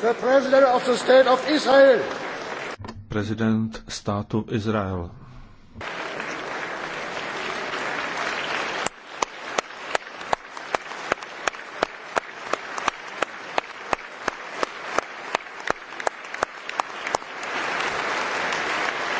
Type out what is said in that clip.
the President of the State of Israel. Prezident státu Izrael.